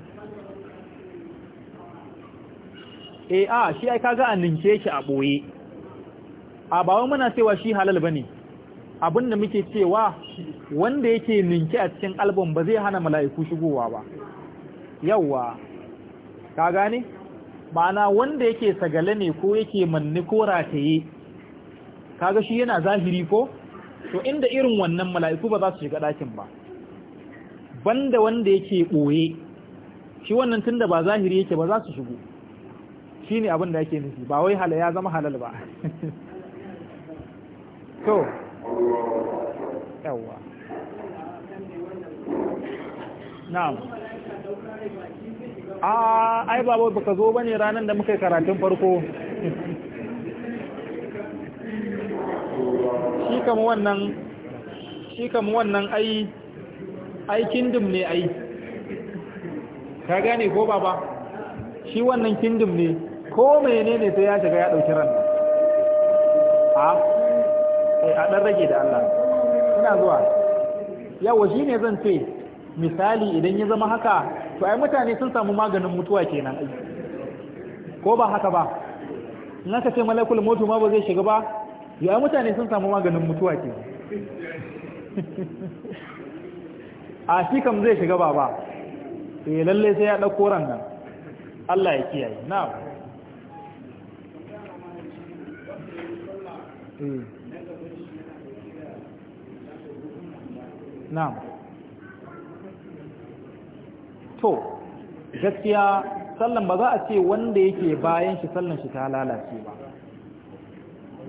eh a shi ai kaga an nince shi a boye a bawo muna cewa shi halal bane abin da muke cewa wanda yake ninke a cikin album ba zai hana mala'iku shigowa ba yawa ka gane ma'ana wanda yake sagale ne ko yake manni ko rataye kaga shi yana zahiri ko to inda irin wannan mala'iku ba za su shiga ɗakin ba banda wanda yake boye shi wannan tunda ba zahiri yake ba za su shigo shine abin da yake nufi ba wai hala ya zama halal ba to yawa na'am a ai babu baka zo bane ranar da muka yi karatun farko shi kama wannan shi kama wannan ai ai kingdom ne ai ka gane ko baba shi wannan kingdom ne ko menene sai ya shiga ya ɗauki ran nan eh, a dan rage da Allah ina zuwa yawa shine ne zan ce misali idan ya zama haka to ai mutane sun samu maganin mutuwa kenan ai ko ba haka ba in aka ce malakul mutu ma ba zai shiga ba ya mutane sun samu maganin mutuwa kenan a shi kam zai shiga ba ba eh lalle sai ya ɗauko ran nan Allah ya kiyaye na'am Mm. na'am to gaskiya sallan ba za a ce wanda yake bayan shi sallan shi ta lalace ba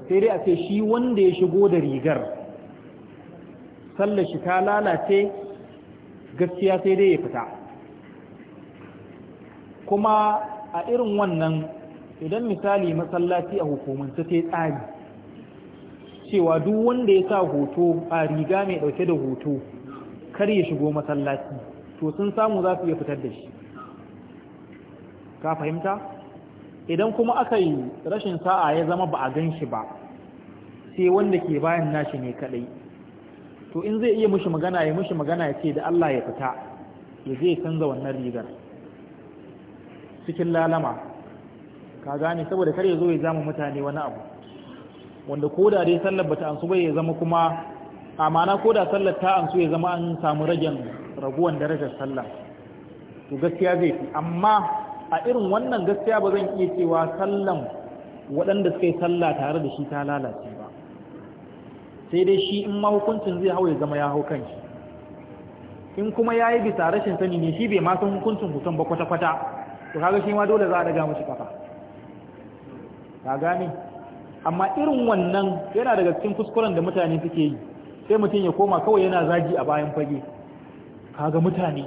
sai dai a ce shi wanda ya shigo da rigar sallan shi ta lalace gaskiya sai dai ya fita kuma a irin wannan idan misali masallaci a hukumance ta tsari cewa duk wanda ya sa hoto a riga mai ɗauke da hoto kar ya shigo masallaci to sun samu za su iya fitar da shi ka fahimta idan kuma aka yi rashin sa'a ya zama ba a gan shi ba sai wanda ke bayan nashi ne kadai to in zai iya mushi magana ya mushi magana ya ce da Allah ya fita ya zai canza wannan rigar cikin lalama ka gane saboda kar ya zo ya zama mutane wani abu wanda ko da dai sallar bata ansu bai ya zama kuma amana ko da sallar ta ansu ya zama an samu ragen raguwan darajar sallar, to gaskiya zai fi amma a irin wannan gaskiya ba zan iya cewa sallan waɗanda suka yi salla tare da shi ta lalace ba sai dai shi in ma hukuncin zai hau ya zama ya hau kanshi in kuma ya yi bisa rashin sani ne shi bai ma hukuncin hutun ba kwata-kwata to kaga shi ma dole za a daga mashi kafa ka gane amma irin wannan yana daga cikin kuskuren da mutane suke yi sai mutum ya koma kawai yana zagi a bayan fage kaga mutane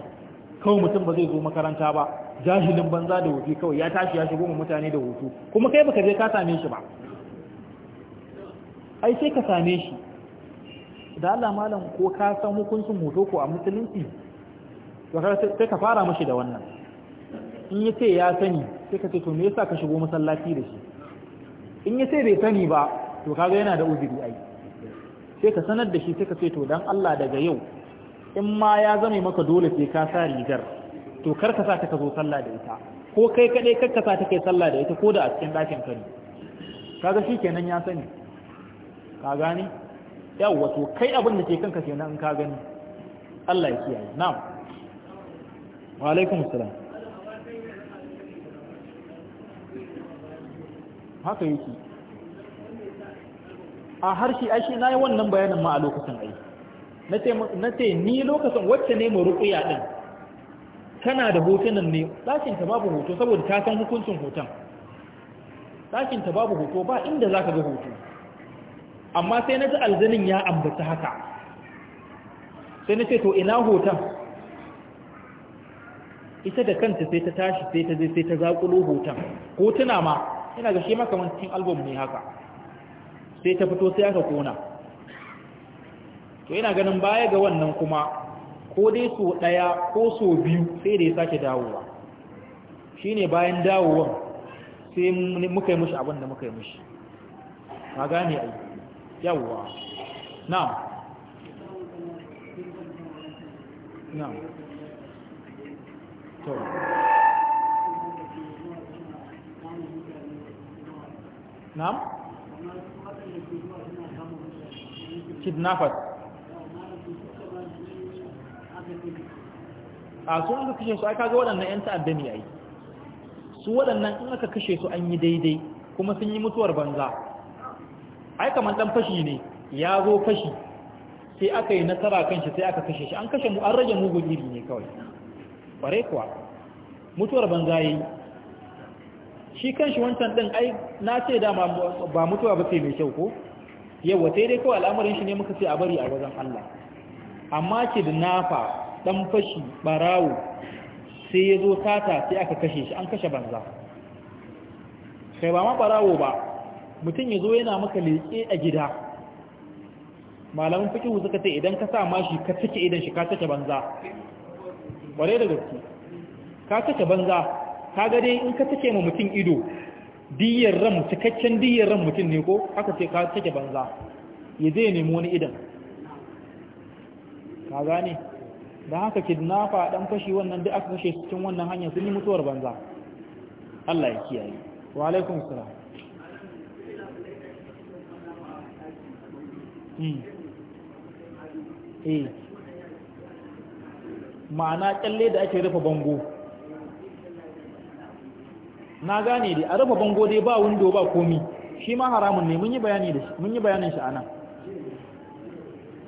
kawai mutum ba zai zo makaranta ba jahilin banza da wuce kawai ya tashi ya shigo mutane da hutu kuma kai baka je ka same shi ba ai sai ka same shi da Allah malam ko ka san hukuncin hoto ko a musulunci sai ka fara mashi da wannan in yace ya sani sai ka ce to me yasa ka shigo masallaci da shi in ya ce bai sani ba to kaga yana da uzuri ai sai ka sanar da shi sai ka ce to dan Allah daga yau in ma ya zame maka dole sai ka sa rigar to kar ka sa ta ka zo sallah da ita ko kai kade kar ka sa ta kai sallah da ita ko da a cikin dakin ka ne kaga shi kenan ya sani ka gani yawa to kai abin da ke kanka kenan in ka gani Allah ya kiyaye na'am wa alaikum haka yake a harshe shi na yi wannan bayanin ma a lokacin ai na ce ni lokacin wacce ne mai rukuya ɗin tana da hotunan ne ɗakinta babu hoto saboda ta san hukuncin hoton ɗakinta babu hoto ba inda za ka ga hoto amma sai na ji alzanin ya ambata haka sai na ce to ina hoton ita da kanta sai ta tashi sai ta zai sai ta zaƙulo hoton hotuna ma Yana ga shi makamancin album ne haka sai ta fito sai aka kona to yana ganin baya ga wannan kuma ko dai so ɗaya ko so biyu sai da ya sake dawowa shi ne bayan dawowa sai muka yi mushi abin da muka yi mushi ka gane a yawwa Na, na, to na'am kidnappers a su aka kashe su aka ga waɗannan 'yan ta'adda ne yayi su waɗannan in aka kashe su an yi daidai kuma sun yi mutuwar banza ai kamar ɗan fashi ne ya zo fashi sai aka yi nasara kan shi sai aka kashe shi an kashe mu an rage mugun iri ne kawai ƙware kuwa mutuwar banza ya yi shi kanshi wancan din ai na ce dama ba mutuwa ba ce mai kyau ko yawa sai dai kawai al'amarin shi ne muka ce a bari a wajen Allah amma ce da nafa dan fashi barawo sai ya zo tata sai aka kashe shi an kashe banza kai ba ma barawo ba mutum ya zo yana maka leƙe a gida malamin fikihu suka ce idan ka sa mashi ka take idan shi ka take banza ware da gaske ka take banza kaga dai in ka take ma mutum ido diyar ran cikakken diyar ran mutum ne ko aka ce ka take banza ya zai nemi wani idan ka gane da haka kidnafa dan fashi wannan duk aka fashe cikin wannan hanyar sun yi mutuwar banza Allah ya kiyaye wa alaikum salam hmm. eh. ma'ana kyalle da ake rufe bango na gane dai a raba bango dai ba window ba komi shi ma haramun ne mun yi bayani da shi mun yi bayanin shi anan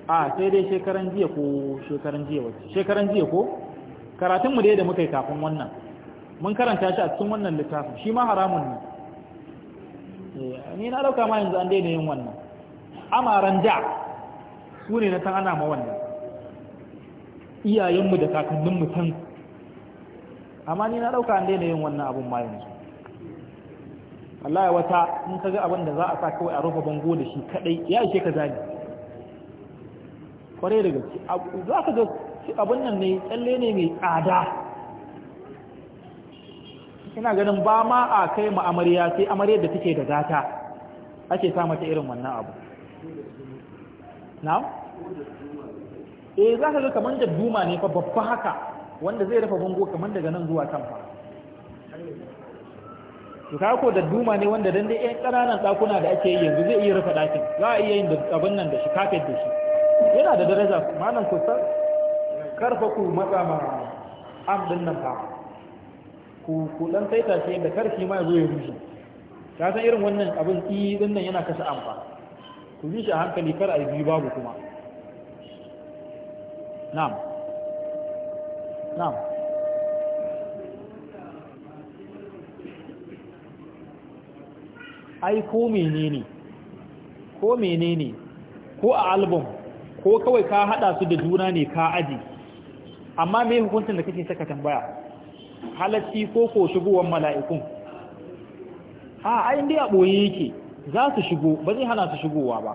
a sai dai shekaran jiya ko shekaran jiya wace shekaran jiya ko karatun mu dai da muka yi kafin wannan mun karanta shi a cikin wannan littafin shi ma haramun ne eh, ni na dauka ma yanzu an daina yin wannan amaran da su ne na san ana ma wannan iyayenmu da kakanninmu san amma ni na dauka an daina yin wannan abun ma yanzu ya wata in ka ga abin da za a sa kawai a rufe bango da shi kadai ya ishe ka zani kwarai da gaske za ka ga abin nan ne tsalle ne mai tsada ina ganin ba ma a kai ma amarya sai amarya da take da gata ake sa mata irin wannan abu na'am eh za ka ga kamar da duma ne fa babba haka wanda zai rufe bango kamar daga nan zuwa can fa to ka ko da duma ne wanda dan dai ɗan ƙananan ɗakuna da ake yi yanzu zai iya rufe ɗakin za a iya yin da abin nan da shi kafet da shi yana da daraja malam ku san karfa ku matsa ma am din nan ba ku ku dan saita shi da karfi ma zo ya rushe ka san irin wannan abin i din nan yana kashe amfa ku bi a hankali kar a yi biyu babu kuma na'am na'am ai ko menene ko menene ko a album ko kawai ka hada su da juna ne ka aji amma me hukuncin da kake saka tambaya halacci ko ko shigowar mala'ikun a ai dai a boye yake za su shigo ba zai hana su shigowa ba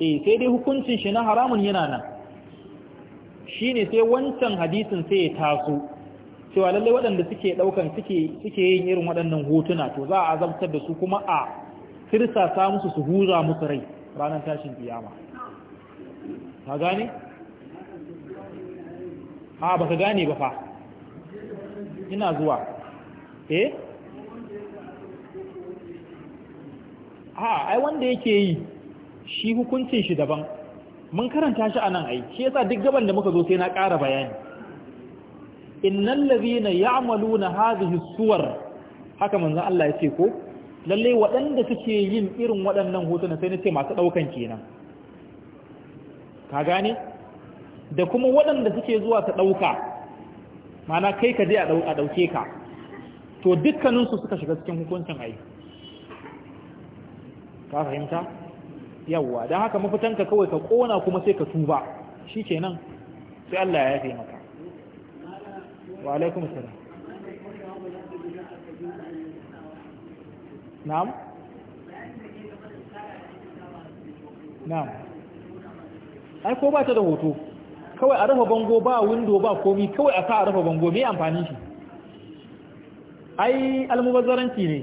eh sai dai hukuncin shi na haramun yana nan shine sai wancan hadisin sai ya taso cewa lallai waɗanda suke ɗaukan suke yin irin waɗannan hotuna to za a azabtar da su kuma a tirsasa musu su huza musu rai ranar tashin kiyama ka gane? a ba ka gane ba fa ina zuwa eh? ha ai wanda yake yi shi hukuncin shi daban mun karanta shi a nan ai shi yasa duk gaban da muka zo sai na ƙara bayani innal ladhina ya'maluna hadhihi suwar haka manzon Allah ya ce ko lalle waɗanda suke yin irin waɗannan hotuna sai nace masu daukan kenan ka gane da kuma waɗanda suke zuwa ta dauka mana kai ka je a dauke ka to dukkaninsu suka shiga cikin hukuncin ai ka fahimta yawwa don haka mafitanka kawai ka kona kuma sai ka tuba shi shikenan sai Allah ya yafe maka wa alaikum salam na'am na'am ai ko ba ta da hoto kawai a rafa bango ba window ba komi kawai a sa a rafa bango me amfani shi ai almubazzaranci ne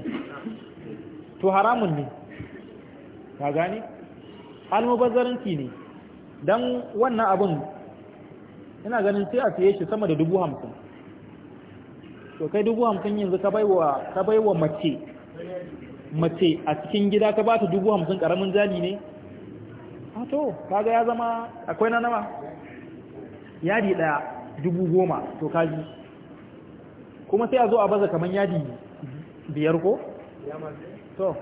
to haramun ne ka gani almubazzaranci ne don wannan abin ina ganin sai a siye shi sama da dubu hamsin to kai dubu hamsin yanzu ka baiwa ka baiwa mace mace a cikin gida ka bata dubu hamsin karamin jali ne a to kaga ya zama akwai na nama yadi daya dubu goma to kaji kuma sai a zo a baza kaman yadi biyar ko to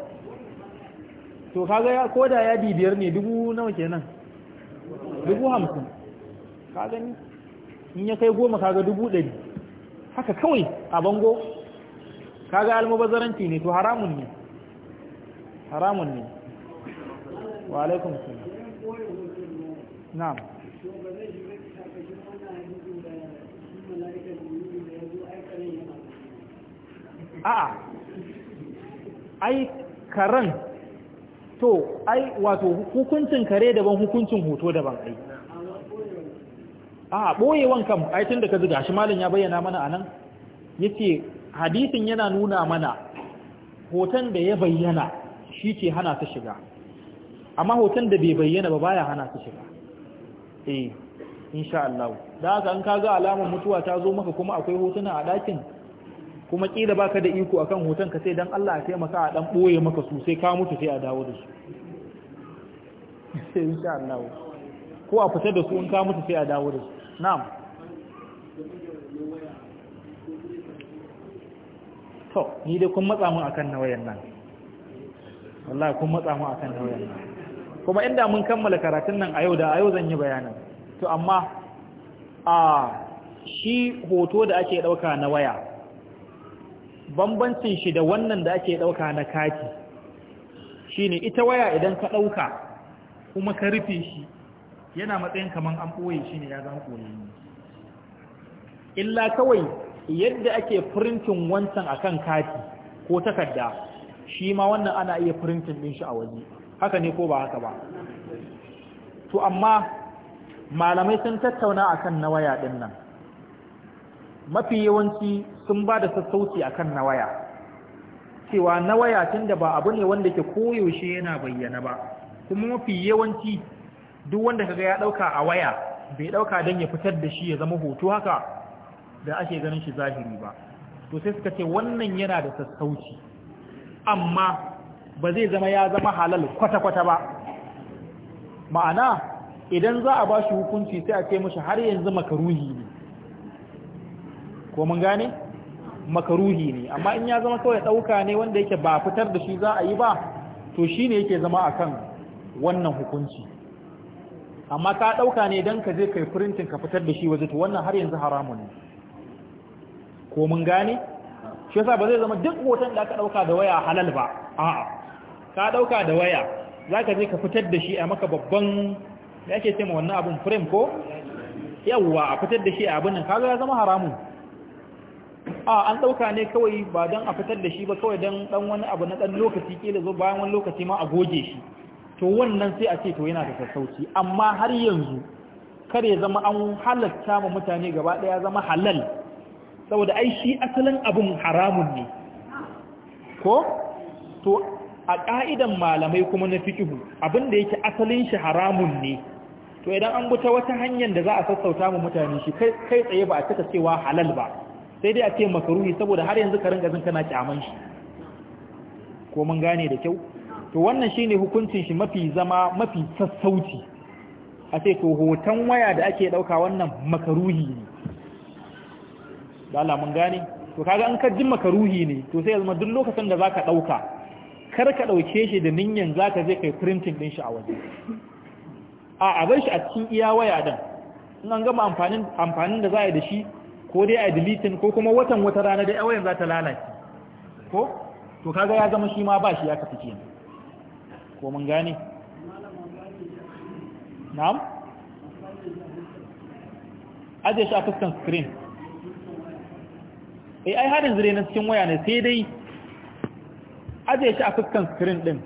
to kaga ya koda yadi biyar ne dubu nawa kenan dubu hamsin kaga ni in ya kai goma kaga dubu ɗari haka kawai a bango kaga almubazaranci ne to haramun ne haramun ne wa alaikum salam na'am a'a ai karan to ai wato hukuncin kare daban hukuncin hoto daban ai a ɓoyewan kan aitin da ka ziga shi malin ya bayyana mana a nan ya ce hadisin yana nuna mana hoton da ya bayyana shi ce hana su shiga amma hoton da bai bayyana ba baya hana su shiga eh insha Allah da haka an kaga alamar mutuwa ta zo maka kuma akwai hotuna a ɗakin kuma kila baka da iko akan hoton ka sai dan Allah ya taimaka a dan boye maka su sai ka mutu sai a dawo da su insha Allah ko a fita da su in ka mutu sai a dawo da su na'am to ni dai kun matsa mun akan nawayan nan wallahi kun matsa mun akan nawayan nan kuma inda mun kammala karatun nan a yau da a yau zan yi bayanin to amma a shi hoto da ake dauka na waya bambancin shi da wannan da ake dauka na kati shine ita waya idan ka dauka kuma ka rufe shi yana matsayin kaman an ɓoye shi ne ya zama ne. illa kawai yadda ake firintin wancan akan kati ko takarda shi ma wannan ana iya firintin ɗin shi a waje haka ne ko ba haka ba to amma malamai sun tattauna akan na waya ɗin nan mafi yawanci sun ba da sassauci akan na waya cewa na waya tun da ba abu ne wanda ke koyaushe yana bayyana ba kuma mafi yawanci duk wanda kaga ya dauka a waya bai dauka dan ya fitar da shi ya zama hoto haka da ake ganin shi zahiri ba to sai suka ce wannan yana da sassauci amma ba zai zama ya zama halal kwata-kwata ba ma'ana idan za a ba shi hukunci sai a ce mashi har yanzu makaruhi ne ko mun gane makaruhi ne amma in ya zama kawai ɗauka ne wanda yake ba fitar da shi za a yi ba to shi ne yake zama akan wannan hukunci amma ka ɗauka ne don ka je kai printing ka fitar da shi waje to wannan har yanzu haramun ne ko mun gane shi yasa ba zai zama duk hoton da aka ɗauka da waya halal ba a'a ka ɗauka da waya za ka je ka fitar da shi a maka babban da ake ce ma wannan abin frame ko yawwa a fitar da shi a abin nan ga ya zama haramun a an ɗauka ne kawai ba don a fitar da shi ba kawai don ɗan wani abu na ɗan lokaci ke da zo bayan wani lokaci ma a goge shi to wannan sai a ce to yana da sassauci amma har yanzu kar ya zama an halatta ma mutane gaba ɗaya zama halal saboda ai shi asalin abin haramun ne ko to a ƙa'idan malamai kuma na fikihu abin da yake asalin shi haramun ne to idan an buta wata hanyar da za a sassauta wa mutane shi kai tsaye ba a cika cewa halal ba sai dai a ce makaruhi saboda har yanzu ka ringa zin kana kyaman shi ko mun gane da kyau to wannan shine hukuncin shi mafi zama mafi sassauci a ce to hoton waya da ake dauka wannan makaruhi ne da mun gane to kaga an ka jin makaruhi ne to sai yanzu duk lokacin da zaka dauka kar ka dauke shi da ninyan zaka je kai printing din shi a waje a a bar shi a cikin iya waya din in an gama amfanin amfanin da za a yi da shi ko dai a deleting ko kuma watan wata rana dai wayan za ta lalace ko to kaga ya zama shi ma ba shi ya kafi kenan ko mun gane na'am aje shi a fuskan screen eh ai harin zire na cikin waya ne sai dai aje shi a fuskan screen din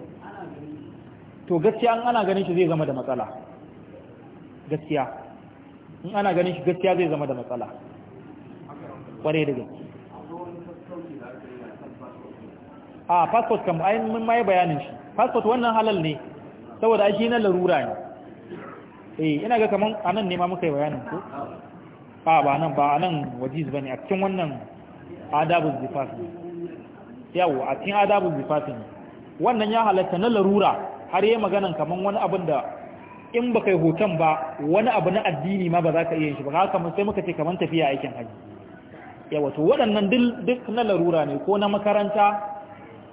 to gaskiya an ana ganin shi zai zama da matsala gaskiya in ana ganin shi gaskiya zai zama da matsala kware da gaske a ah, passport kam ayin mun maye bayanin shi passport wannan halal ne saboda shi na larura ne eh ina ga kaman anan ne ma muka yi bayanin ko a ba nan ba anan wajiz bane a cikin wannan adabul zifaf ne yawo a cikin adabul zifaf ne wannan ya halatta na larura har yayi maganan kaman wani abin da in ba kai hoton ba wani abu na addini ma ba za ka iya yin shi ba haka sai muka ce kaman tafiya aikin haji Yawo to waɗannan duk na larura ne ko na makaranta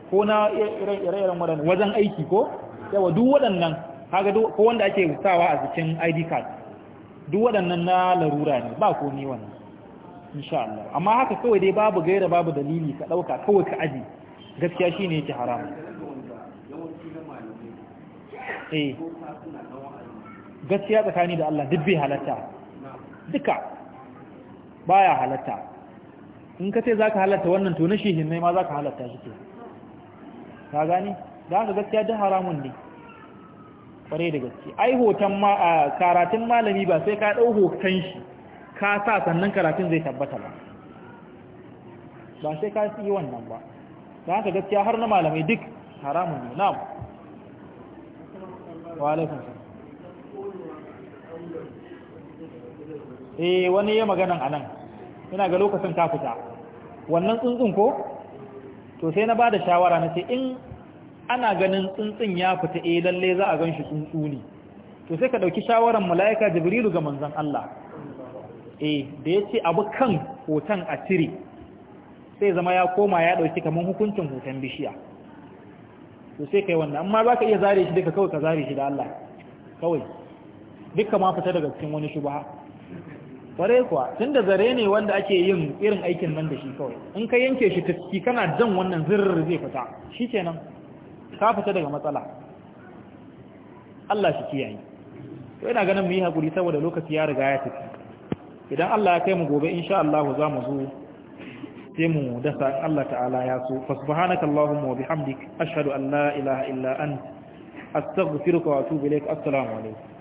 ko na ire-iren waɗanda wajen aiki ko yawa duk waɗannan kaga ko wanda ake sawa a cikin ID card duk waɗannan na larura ne ba komi wannan insha Allah amma haka kawai dai babu gaira babu dalili ka ɗauka kawai ka aji gaskiya shi ne yake haram eh gaskiya tsakani da Allah duk bai halatta duka baya halatta in ka ce ka halatta wannan to na shehin ne ma zaka halatta shi ke ka gani da haka gaskiya duk haramun ne kwarai da gaske ai hoton ma a karatun malami ba sai ka ɗau hoton shi ka sa sannan karatun zai tabbata ba ba sai ka yi wannan ba da haka gaskiya har na malamai duk haramun ne na'am wa alaikum eh wani ya magana anan ina ga lokacin ka fita wannan tsuntsun ko to sai na ba da shawara na ce in ana ganin tsuntsun ya fita eh lalle za a gan shi tsuntsu ne to sai ka ɗauki shawaran mala'ika jibrilu ga manzon Allah eh da ya ce abu kan hoton a cire sai zama ya koma ya ɗauki kamar hukuncin hoton bishiya to sai kai wannan amma za ka iya zare shi duka kawai ka zare shi da Allah kawai duka ma fita daga cikin wani shubaha kware kuwa tun da zare ne wanda ake yin irin aikin nan da shi kawai in ka yanke shi ta ciki kana jan wannan zirar zai fita shi kenan ka fita daga matsala Allah shi kiyaye to ina ganin mu yi hakuri saboda lokaci ya riga ya tafi idan Allah ya kai mu gobe insha Allah za mu zo sai mu dasa Allah ta'ala ya so fa allahumma wa bihamdik ashhadu an la ilaha illa anta astaghfiruka wa atubu ilaik assalamu alaikum